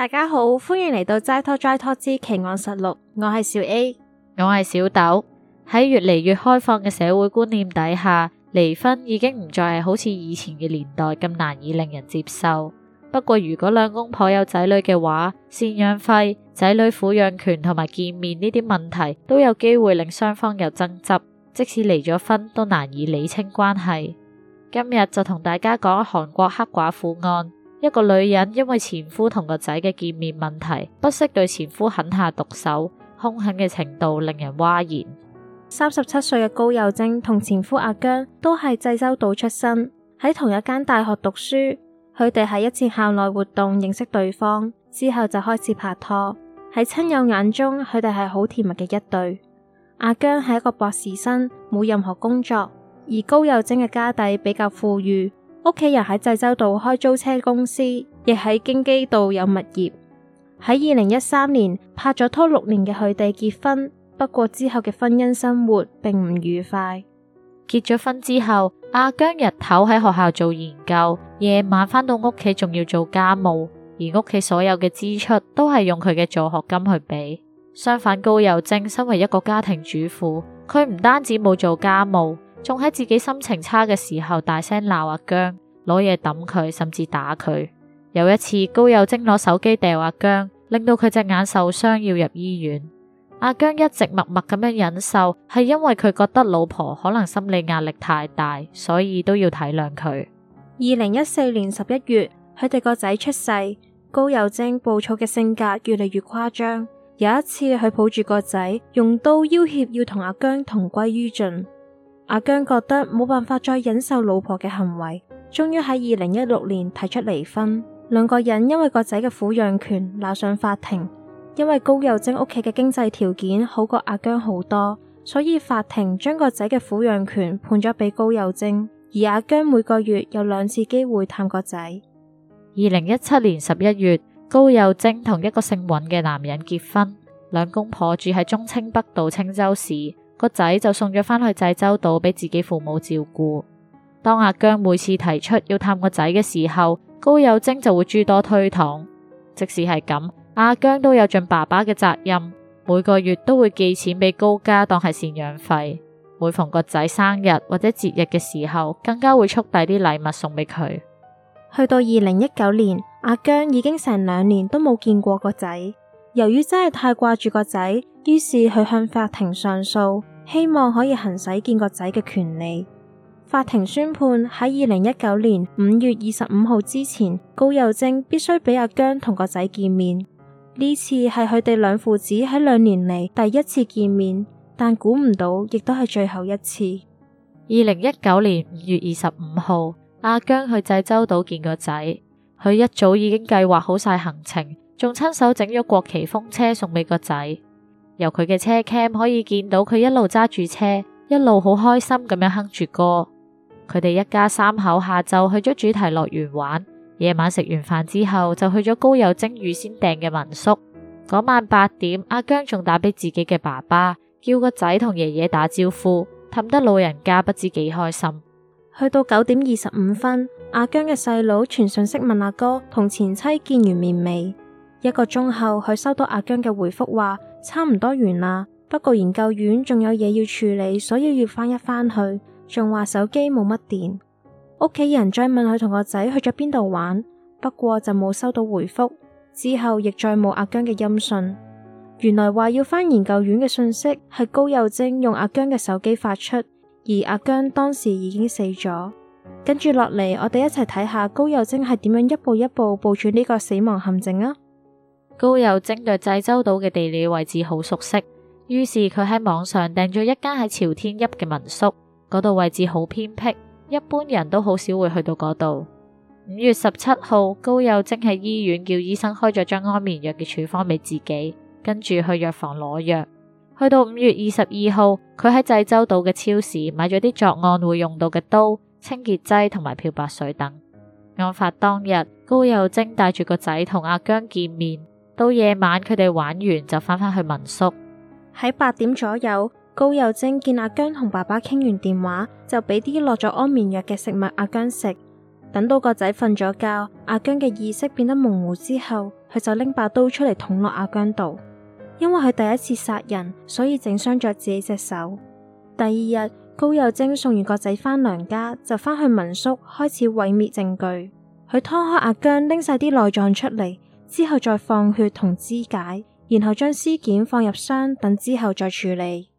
大家好，歡迎嚟到齋拖齋拖之奇案實錄，我係小 A，我係小豆。喺越嚟越開放嘅社會觀念底下，離婚已經唔再係好似以前嘅年代咁難以令人接受。不過如果兩公婆有仔女嘅話，贍養費、仔女撫養權同埋見面呢啲問題都有機會令雙方有爭執，即使離咗婚都難以理清關係。今日就同大家講韓國黑寡婦案。一個女人因為前夫同個仔嘅見面問題，不惜對前夫狠下毒手，兇狠嘅程度令人嘩然。三十七歲嘅高宥貞同前夫阿姜都係濟州島出身，喺同一間大學讀書。佢哋喺一次校內活動認識對方，之後就開始拍拖。喺親友眼中，佢哋係好甜蜜嘅一對。阿姜係一個博士生，冇任何工作，而高宥貞嘅家底比較富裕。屋企人喺濟州道開租車公司，亦喺京畿道有物業。喺二零一三年拍咗拖六年嘅佢哋結婚，不過之後嘅婚姻生活並唔愉快。結咗婚之後，阿姜日頭喺學校做研究，夜晚返到屋企仲要做家務，而屋企所有嘅支出都係用佢嘅助學金去俾。相反，高宥貞身為一個家庭主婦，佢唔單止冇做家務。仲喺自己心情差嘅時候大聲鬧阿姜，攞嘢抌佢，甚至打佢。有一次，高宥貞攞手機掟阿姜，令到佢隻眼受傷，要入醫院。阿姜一直默默咁樣忍受，係因為佢覺得老婆可能心理壓力太大，所以都要體諒佢。二零一四年十一月，佢哋個仔出世，高宥貞暴躁嘅性格越嚟越誇張。有一次，佢抱住個仔，用刀要挾，要同阿姜同歸於盡。阿姜覺得冇辦法再忍受老婆嘅行為，終於喺二零一六年提出離婚。兩個人因為個仔嘅撫養權鬧上法庭，因為高宥貞屋企嘅經濟條件好過阿姜好多，所以法庭將個仔嘅撫養權判咗俾高宥貞。而阿姜每個月有兩次機會探個仔。二零一七年十一月，高宥貞同一個姓尹嘅男人結婚，兩公婆住喺忠清北道清州市。個仔就送咗返去濟州島俾自己父母照顧。當阿姜每次提出要探個仔嘅時候，高宥貞就會諸多推搪。即使係咁，阿姜都有盡爸爸嘅責任，每個月都會寄錢俾高家當係贍養費。每逢個仔生日或者節日嘅時候，更加會速遞啲禮物送俾佢。去到二零一九年，阿姜已經成兩年都冇見過個仔。由於真係太掛住個仔，於是佢向法庭上訴。希望可以行使見個仔嘅權利。法庭宣判喺二零一九年五月二十五號之前，高宥貞必須俾阿姜同個仔見面。呢次係佢哋兩父子喺兩年嚟第一次見面，但估唔到亦都係最後一次。二零一九年五月二十五號，阿姜去濟州島見個仔。佢一早已經計劃好晒行程，仲親手整咗國旗風車送俾個仔。由佢嘅車 cam 可以見到，佢一路揸住車，一路好開心咁樣哼住歌。佢哋一家三口下晝去咗主題樂園玩，夜晚食完飯之後就去咗高宥貞預先訂嘅民宿。嗰晚八點，阿姜仲打俾自己嘅爸爸，叫個仔同爺爺打招呼，氹得老人家不知幾開心。去到九點二十五分，阿姜嘅細佬傳信息問阿哥同前妻見完面未？一個鐘後，佢收到阿姜嘅回覆話差唔多完啦，不過研究院仲有嘢要處理，所以要翻一翻去。仲話手機冇乜電，屋企人再問佢同個仔去咗邊度玩，不過就冇收到回覆。之後亦再冇阿姜嘅音訊。原來話要翻研究院嘅信息係高宥貞用阿姜嘅手機發出，而阿姜當時已經死咗。跟住落嚟，我哋一齊睇下高宥貞係點樣一步一步部署呢個死亡陷阱啊！高宥貞對濟州島嘅地理位置好熟悉，於是佢喺網上訂咗一間喺朝天邑嘅民宿。嗰度位置好偏僻，一般人都好少會去到嗰度。五月十七號，高宥貞喺醫院叫醫生開咗張安眠藥嘅處方俾自己，跟住去藥房攞藥。去到五月二十二號，佢喺濟州島嘅超市買咗啲作案會用到嘅刀、清潔劑同埋漂白水等。案發當日，高宥貞帶住個仔同阿姜見面。到夜晚，佢哋玩完就返返去民宿。喺八點左右，高宥貞見阿姜同爸爸傾完電話，就俾啲落咗安眠藥嘅食物阿姜食。等到個仔瞓咗覺，阿姜嘅意識變得模糊之後，佢就拎把刀出嚟捅落阿姜度。因為佢第一次殺人，所以整傷咗自己隻手。第二日，高宥貞送完個仔返娘家，就返去民宿開始毀滅證據。佢拖開阿姜，拎晒啲內臟出嚟。之後再放血同肢解，然後將屍件放入箱，等之後再處理。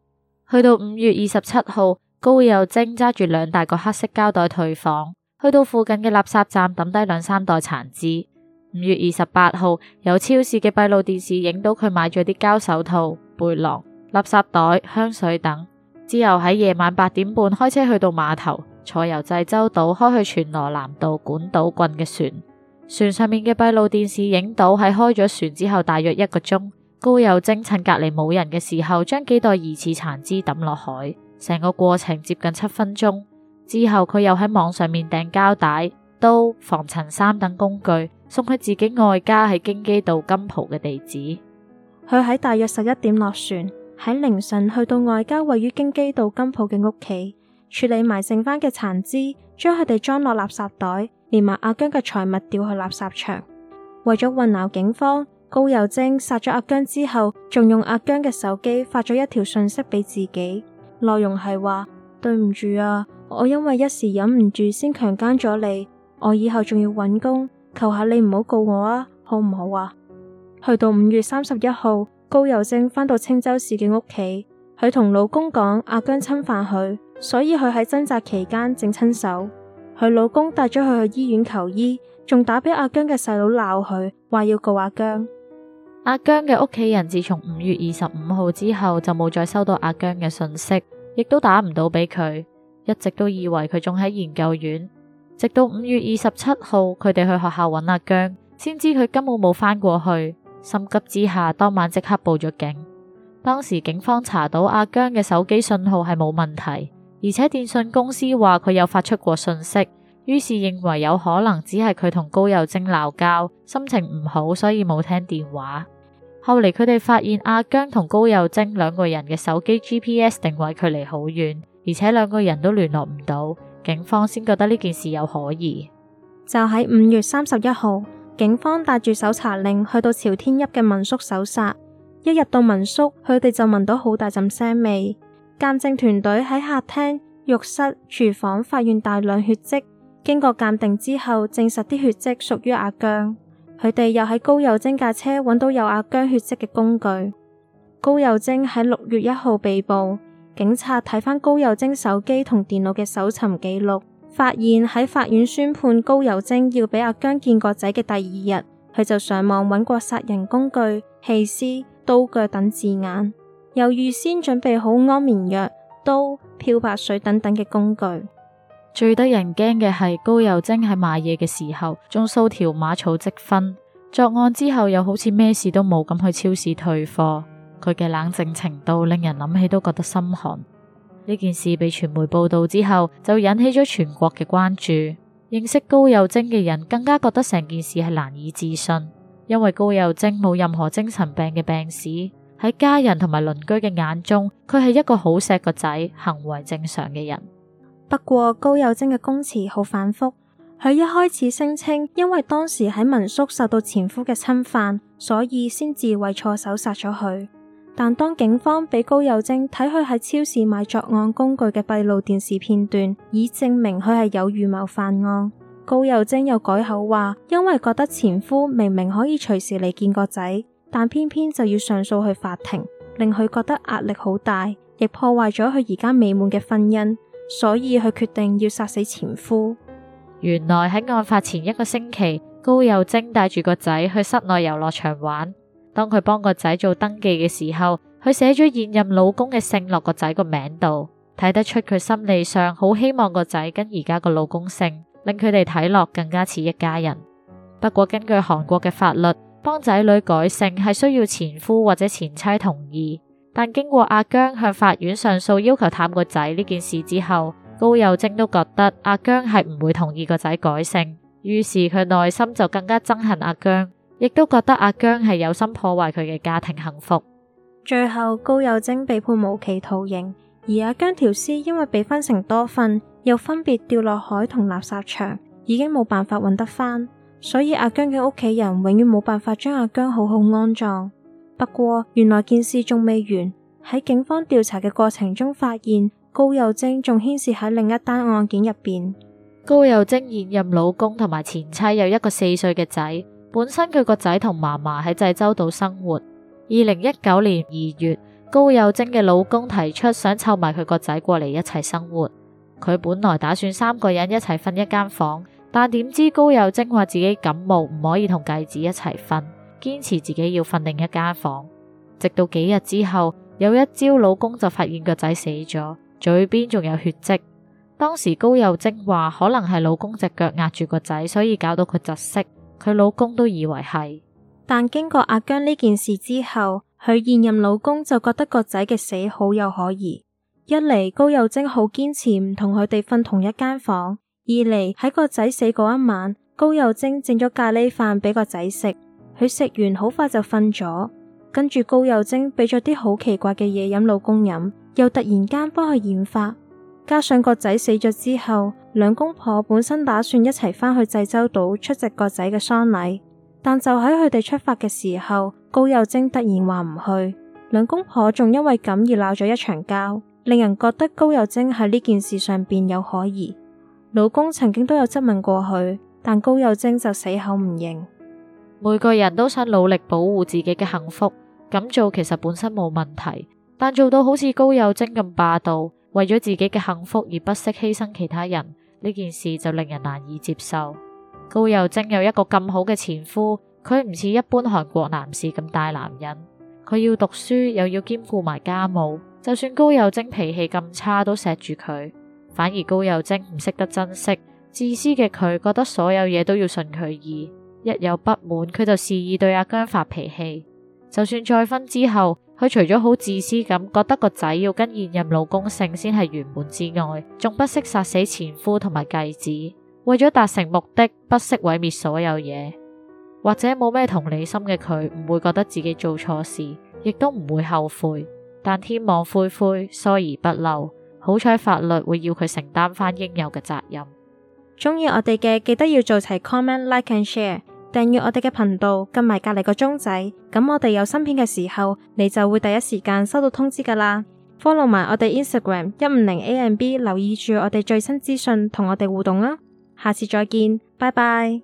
去到五月二十七號，高宥貞揸住兩大個黑色膠袋退房，去到附近嘅垃圾站抌低兩三袋殘肢。五月二十八號，有超市嘅閉路電視影到佢買咗啲膠手套、背囊、垃圾袋、香水等。之後喺夜晚八點半開車去到碼頭，坐由濟州島開去全羅南道管島郡嘅船。船上面嘅閉路電視影到，喺開咗船之後大約一個鐘，高宥貞趁隔離冇人嘅時候，將幾袋疑似殘肢抌落海，成個過程接近七分鐘。之後佢又喺網上面訂膠帶、刀、防塵衫等工具，送佢自己外家喺京畿道金浦嘅地址。佢喺大約十一點落船，喺凌晨去到外家位於京畿道金浦嘅屋企，處理埋剩翻嘅殘肢，將佢哋裝落垃圾袋，連埋阿姜嘅財物掉去垃圾場，為咗混淆警方，高宥貞殺咗阿姜之後，仲用阿姜嘅手機發咗一條信息俾自己，內容係話：對唔住啊，我因為一時忍唔住先強姦咗你，我以後仲要揾工，求下你唔好告我啊，好唔好啊？去到五月三十一號，高宥貞返到清州市嘅屋企，佢同老公講阿姜侵犯佢，所以佢喺掙扎期間整親手。佢老公帶咗佢去醫院求醫，仲打俾阿姜嘅細佬鬧佢，話要告阿姜。阿姜嘅屋企人自從五月二十五號之後就冇再收到阿姜嘅訊息，亦都打唔到俾佢，一直都以為佢仲喺研究院。直到五月二十七號，佢哋去學校揾阿姜，先知佢根本冇返過去。心急之下，當晚即刻報咗警。當時警方查到阿姜嘅手機信號係冇問題。而且電信公司話佢有發出過訊息，於是認為有可能只係佢同高宥貞鬧交，心情唔好，所以冇聽電話。後嚟佢哋發現阿姜同高宥貞兩個人嘅手機 GPS 定位距離好遠，而且兩個人都聯絡唔到，警方先覺得呢件事有可疑。就喺五月三十一號，警方帶住搜查令去到朝天邑嘅民宿搜查，一入到民宿，佢哋就聞到好大陣腥味。鑑證團隊喺客廳、浴室、廚房發現大量血跡，經過鑑定之後證實啲血跡屬於阿姜。佢哋又喺高宥貞架車揾到有阿姜血跡嘅工具。高宥貞喺六月一號被捕，警察睇翻高宥貞手機同電腦嘅搜尋記錄，發現喺法院宣判高宥貞要俾阿姜見個仔嘅第二日，佢就上網揾過殺人工具、棄屍、刀鋸等字眼。又預先準備好安眠藥、刀、漂白水等等嘅工具。最得人驚嘅係高宥貞喺買嘢嘅時候，仲收條馬草積分。作案之後，又好似咩事都冇咁去超市退貨。佢嘅冷靜程度，令人諗起都覺得心寒。呢件事被傳媒報道之後，就引起咗全國嘅關注。認識高宥貞嘅人，更加覺得成件事係難以置信，因為高宥貞冇任何精神病嘅病史。喺家人同埋鄰居嘅眼中，佢係一個好錫個仔、行為正常嘅人。不過高宥貞嘅供詞好反覆，佢一開始聲稱因為當時喺民宿受到前夫嘅侵犯，所以先至為錯手殺咗佢。但當警方俾高宥貞睇佢喺超市買作案工具嘅閉路電視片段，以證明佢係有預謀犯案，高宥貞又改口話因為覺得前夫明明可以隨時嚟見個仔。但偏偏就要上訴去法庭，令佢覺得壓力好大，亦破壞咗佢而家美滿嘅婚姻，所以佢決定要殺死前夫。原來喺案發前一個星期，高宥貞帶住個仔去室內遊樂場玩，當佢幫個仔做登記嘅時候，佢寫咗現任老公嘅姓落個仔個名度，睇得出佢心理上好希望個仔跟而家個老公姓，令佢哋睇落更加似一家人。不過根據韓國嘅法律，幫仔女改姓係需要前夫或者前妻同意，但經過阿姜向法院上訴要求探個仔呢件事之後，高宥貞都覺得阿姜係唔會同意個仔改姓，於是佢內心就更加憎恨阿姜，亦都覺得阿姜係有心破壞佢嘅家庭幸福。最後，高宥貞被判無期徒刑，而阿姜條屍因為被分成多份，又分別掉落海同垃圾場，已經冇辦法揾得返。所以阿姜嘅屋企人永遠冇辦法將阿姜好好安葬。不過原來件事仲未完，喺警方調查嘅過程中，發現高宥貞仲牽涉喺另一單案件入邊。高宥貞現任老公同埋前妻有一個四歲嘅仔，本身佢個仔同嫲嫲喺濟州島生活。二零一九年二月，高宥貞嘅老公提出想湊埋佢個仔過嚟一齊生活，佢本來打算三個人一齊瞓一間房。但點知高宥貞話自己感冒，唔可以同繼子一齊瞓，堅持自己要瞓另一間房。直到幾日之後，有一朝老公就發現個仔死咗，嘴邊仲有血跡。當時高宥貞話可能係老公隻腳壓住個仔，所以搞到佢窒息。佢老公都以為係，但經過阿姜呢件事之後，佢現任老公就覺得個仔嘅死好有可疑。一嚟高宥貞好堅持唔同佢哋瞓同一間房。二嚟喺個仔死嗰一晚，高宥貞整咗咖喱飯俾個仔食，佢食完好快就瞓咗。跟住高宥貞俾咗啲好奇怪嘅嘢飲老公飲，又突然間幫佢染髮。加上個仔死咗之後，兩公婆本身打算一齊返去濟州島出席個仔嘅喪禮，但就喺佢哋出發嘅時候，高宥貞突然話唔去，兩公婆仲因為咁而鬧咗一場交，令人覺得高宥貞喺呢件事上邊有可疑。老公曾經都有質問過佢，但高宥貞就死口唔認。每個人都想努力保護自己嘅幸福，咁做其實本身冇問題，但做到好似高宥貞咁霸道，為咗自己嘅幸福而不惜犧牲其他人，呢件事就令人難以接受。高宥貞有一個咁好嘅前夫，佢唔似一般韓國男士咁大男人，佢要讀書又要兼顧埋家務，就算高宥貞脾氣咁差都錫住佢。反而高宥貞唔識得珍惜，自私嘅佢覺得所有嘢都要順佢意，一有不滿佢就肆意對阿姜發脾氣。就算再婚之後，佢除咗好自私咁覺得個仔要跟現任老公姓先係圓滿之外，仲不惜殺死前夫同埋繼子，為咗達成目的不惜毀滅所有嘢，或者冇咩同理心嘅佢唔會覺得自己做錯事，亦都唔會後悔。但天網恢恢，疏而不漏。好彩法律會要佢承擔翻應有嘅責任。中意我哋嘅記得要做齊 comment、like and share，訂閱我哋嘅頻道，撳埋隔籬個鐘仔，咁我哋有新片嘅時候，你就會第一時間收到通知噶啦。Follow 埋我哋 Instagram 一五零 AMB，留意住我哋最新資訊，同我哋互動啊！下次再見，拜拜。